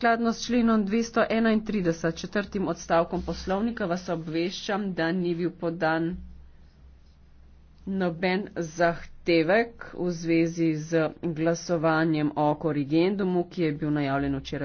skladno s členom 231 četrtim odstavkom poslovnika vas obveščam, da ni bil podan noben zahtevek v zvezi z glasovanjem o korigendumu, ki je bil najavljen včeraj.